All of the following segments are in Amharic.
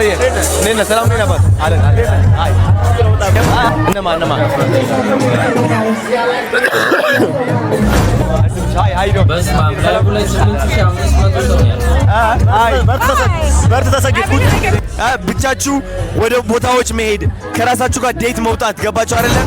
ወይ ሰላም እነማ እነማ ብቻችሁ ወደ ቦታዎች መሄድ ከራሳችሁ ጋር ዴት መውጣት ገባችሁ አይደለም?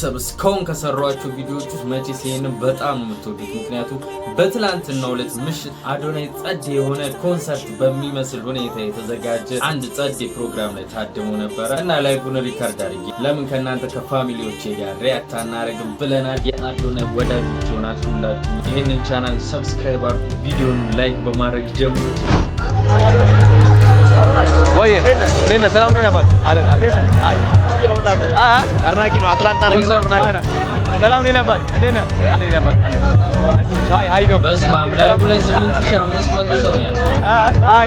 ቤተሰብ እስካሁን ከሰሯቸው ቪዲዮዎች ውስጥ መቼ ሲሄንም በጣም ነው የምትወዱት። ምክንያቱም በትላንትና ሁለት ምሽት አዶናይ ጸድ የሆነ ኮንሰርት በሚመስል ሁኔታ የተዘጋጀ አንድ ጸድ ፕሮግራም ላይ ታድሞ ነበረ እና ላይቡን ሪከርድ አድርጌ ለምን ከእናንተ ከፋሚሊዎቼ ጋር ሪያክት አናደርግም ብለናል። የአዶናይ ወዳጆች ሆናችሁ ሁላችሁ ይህንን ቻናል ሰብስክራይብ አድርጉ፣ ቪዲዮን ላይክ በማድረግ ጀምሩ። ወይ ሰላም ነው ያባል አለ አድናቂ ነው። አትላንታ ነው። ሰላም ነኝ ነበር እንዴ ነህ? እንዴ ነበር? አይ አይ ነው። በስመ አብ ለሁለት ስምንት ሺህ ነው መስመር ነው። አይ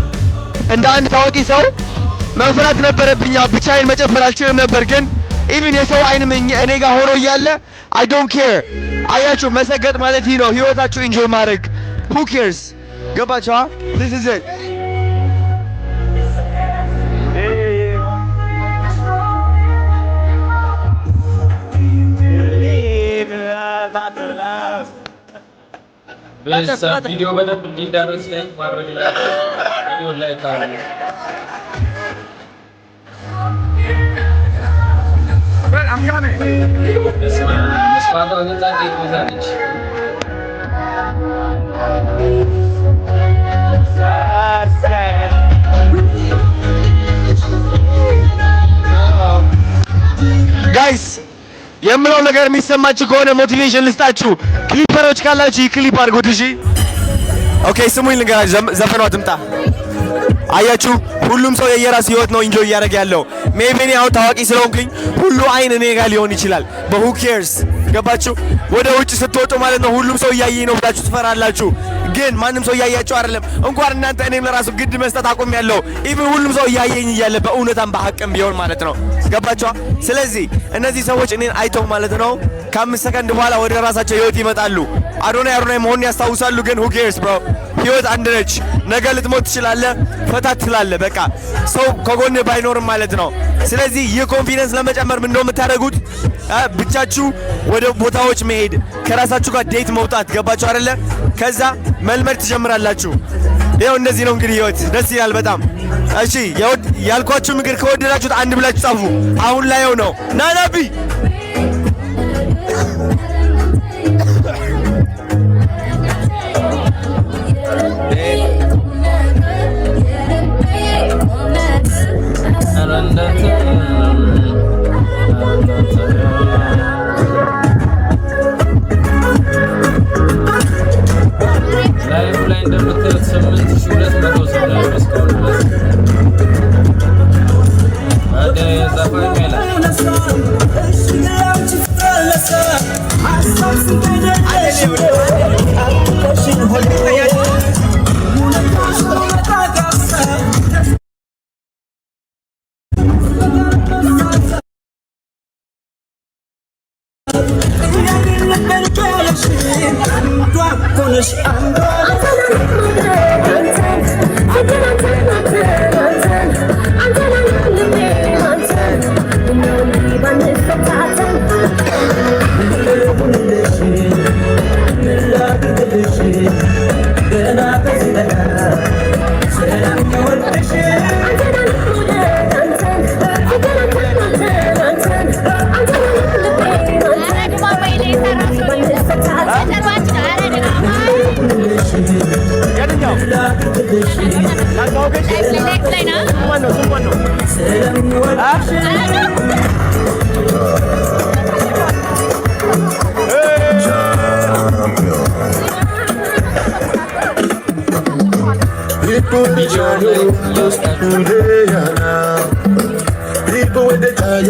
እንደ አንድ ታዋቂ ሰው መፍራት ነበረብኛ። ብቻዬን መጨፈር አልችልም ነበር፣ ግን ኢቭን የሰው አይንም እኔ ጋር ሆኖ እያለ አይ ዶንት ኬር። አያችሁ መሰገጥ ማለት ይህ ነው፣ ህይወታችሁ ኢንጆይ ማድረግ። ሁ ኬርስ ገባችኋ? ዚስ ኢዝ ኢት Guys, sa video ba na pagkidaros like, maro nila video like kami. Well, I'm coming! Yes, this Mas pato ang natin ko sa rich. Sunset. Guys, የምለው ነገር የሚሰማችሁ ከሆነ ሞቲቬሽን ልስጣችሁ። ክሊፐሮች ካላችሁ ክሊፕ አድርጉት። እሺ ኦኬ። ስሙኝ ልንገራችሁ፣ ዘፈኗ ትምጣ። አያችሁ፣ ሁሉም ሰው የየራስ ህይወት ነው ኢንጆይ እያደረገ ያለው። ሜቢ እኔ አሁን ታዋቂ ስለሆንኩኝ ሁሉ አይን እኔ ጋር ሊሆን ይችላል። በሁ ኬርስ ገባችሁ? ወደ ውጭ ስትወጡ ማለት ነው ሁሉም ሰው እያየኝ ነው ብላችሁ ትፈራላችሁ። ግን ማንም ሰው እያያቸው አይደለም። እንኳን እናንተ እኔም ለራሱ ግድ መስጠት ያለው ኢቭን ሁሉም ሰው እያየኝ እያለ በእውነታም በሀቅም ቢሆን ማለት ነው። ገባችኋ? ስለዚህ እነዚህ ሰዎች እኔን አይተው ማለት ነው ከአምስት ሰከንድ በኋላ ወደ ራሳቸው ህይወት ይመጣሉ። አዶናይ አዶናይ መሆኑን ያስታውሳሉ። ግን ሁጌርስ ብሮ ህይወት አንድ ነች። ነገ ልትሞት ትችላለ ፈታ ትላለህ። በቃ ሰው ከጎን ባይኖርም ማለት ነው። ስለዚህ ይህ ኮንፊደንስ ለመጨመር ምንድነው የምታደርጉት? ብቻችሁ ወደ ቦታዎች መሄድ፣ ከራሳችሁ ጋር ዴት መውጣት። ገባችሁ አይደለ? ከዛ መልመድ ትጀምራላችሁ። ይኸው እንደዚህ ነው እንግዲህ ህይወት። ደስ ይላል በጣም። እሺ ያልኳችሁ ምክር ከወደዳችሁት አንድ ብላችሁ ጻፉ። አሁን ላየው ነው ናናቢ el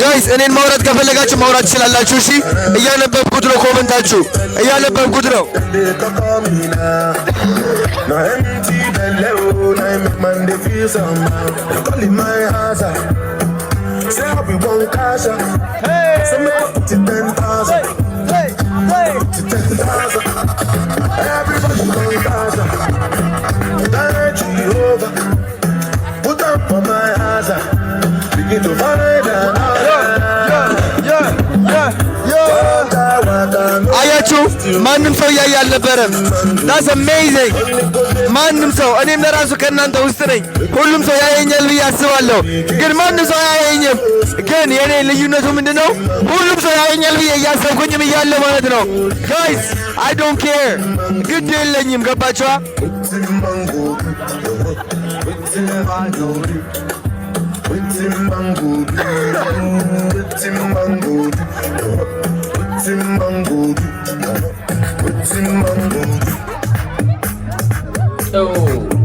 ጋይስ እኔን ማውራት ከፈለጋችሁ ማውራት ትችላላችሁ። እሺ እያነበብኩት ነው ኮመንታችሁ፣ እያነበብኩት ነው። Hey! ማንም ሰው እያየ አልነበረም። ዳስ አሜዚንግ ማንም ሰው እኔም ለራሱ ከእናንተ ውስጥ ነኝ። ሁሉም ሰው ያየኛል ብዬ አስባለሁ፣ ግን ማንም ሰው አያየኝም። ግን የኔ ልዩነቱ ምንድን ነው? ሁሉም ሰው ያየኛል ብዬ እያሰብኩኝም እያለ ማለት ነው። ጋይስ አይ ዶንት ኬር ግድ የለኝም። ገባችኋ? So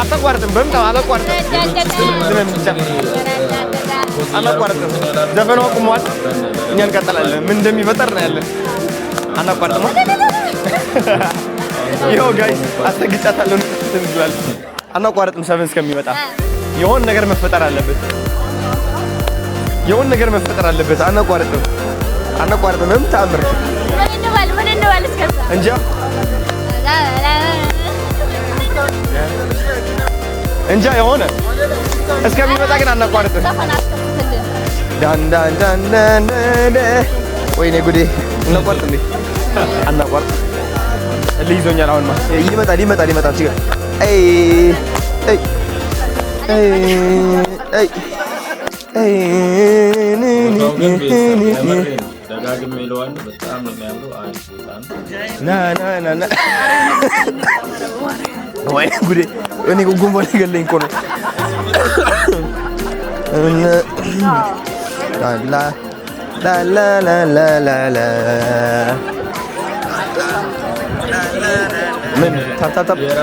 አታቋርጥም። በምታ አላቋርጥም። ዝም ብቻ እኛ እንቀጥላለን። ምን እንደሚፈጠር ነው ያለን። አላቋርጥም። ይኸው ጋይስ አስተግጫታለሁ። አናቋርጥም። ሰቨን እስከሚመጣ የሆነ ነገር መፈጠር አለበት። የሆነ ነገር መፈጠር አለበት። አናቋርጥም። አናቋርጥም። ምንም ተአምር እንጃ እንጃ የሆነ እስከሚመጣ ግን አናቋርጥም። ወይኔ ጉዴ! እናቋርጥ እንዴ? አናቋርጥ። እልህ ይዞኛል። አሁንማ ይመጣል፣ ይመጣል፣ ይመጣል። ችግር አይ አይ አይ ደጋግሜ እለዋለሁ። በጣም ነው የሚያምረው። አሪፍ ቦታ ነው። ና ና ና ና። ወይኔ ጉዴ! እኔ ጉንፋን ገለኝ እኮ ነው። ምን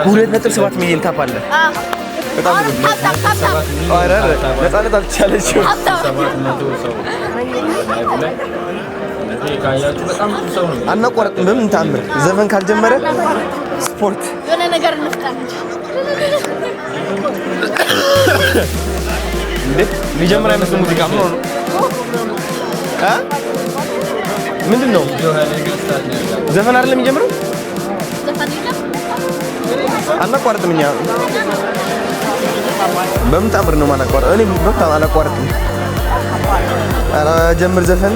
ሁለት ነጥብ ሰባት ሚሊዮን ታፕ አለ። በጣም ነፃነት አልቻለችም። አናቋረጥም። በምን ታምር ዘፈን ካልጀመረ ስፖርት የሆነ ነገር እንዴ! ሊጀምር አይመስል ሙዚቃ ምን ሆኖ ምንድን ነው ዘፈን አይደለም የሚጀምረው። አናቋርጥም እኛ በምን ታምር ነው ማናቋርጥ? እኔ በጣም አላቋርጥም። ኧረ ጀምር ዘፈን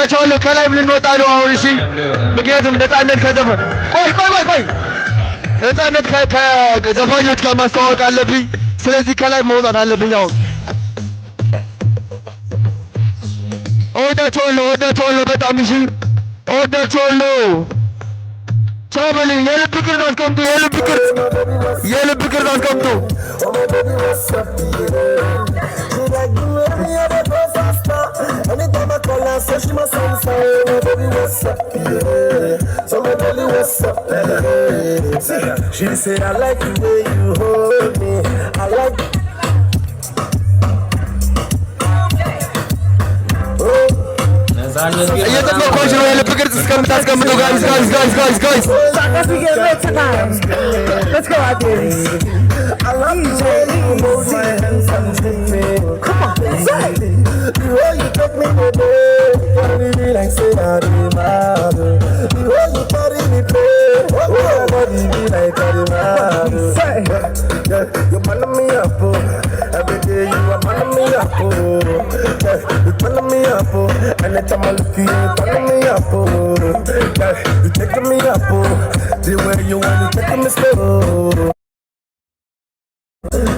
አውቃቸዋለሁ። ከላይም ልንወጣ ነው አሁን። እሺ፣ ምክንያቱም ነፃነት ከዘፈ ቆይ ቆይ ቆይ ቆይ ነፃነት ከዘፋኞች ጋር ማስተዋወቅ አለብኝ። ስለዚህ ከላይ መውጣት አለብኝ አሁን። እወዳቸዋለሁ እወዳቸዋለሁ በጣም እሺ፣ እወዳቸዋለሁ። ቻው በልኝ። የልብ ቅርጽ አስቀምጡ፣ የልብ ቅርጽ የልብ ቅርጽ አስቀምጡ። She said, I like the way you hold me. I like. እየጠበኳች ነው የልብ ቅርጽ እስከምታስቀምጠው ጋይስ ጋይስ ጋይስ ጋይስ ጋይስ Let's go out there. I love you, like I'm a lucky. You're me up, oh. you taking me up, oh. The way you want, it, taking me slow.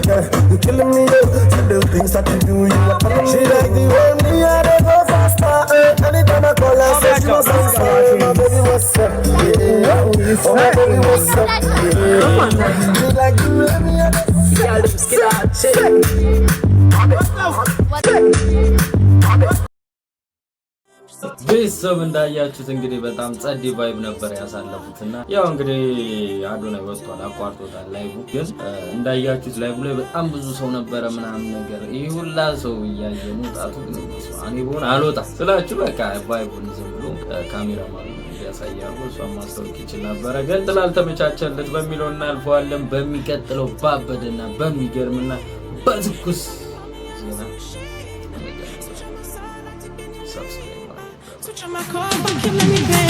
Yeah, you're killing me, yo. Oh. the things that you do, you are She like the way me, I don't go faster. Eh. Anytime I call her, say she must answer. My baby, what's up? Yeah, oh my baby, what's up? Yeah, come on, man. She like the way me, I don't go faster. Girl, them skin out, shit. What the fuck? What ቤተሰብ እንዳያችሁት እንግዲህ በጣም ጸዲ ቫይብ ነበር ያሳለፉት እና ያው እንግዲህ አዶናይ ወጥቷል፣ አቋርጦታል ላይቡ። ግን እንዳያችሁት ላይቡ ላይ በጣም ብዙ ሰው ነበረ ምናምን ነገር ይህ ሁላ ሰው እያየ መውጣቱ እኔ ብሆን አልወጣም ስላችሁ በቃ ቫይቡን ዝም ብሎ ማ ያሳያሉ እሷን ማስታወቅ ይችል ነበረ፣ ግን ስላልተመቻቸለት በሚለው እናልፈዋለን። በሚቀጥለው ባበደና በሚገርምና በትኩስ come let me back.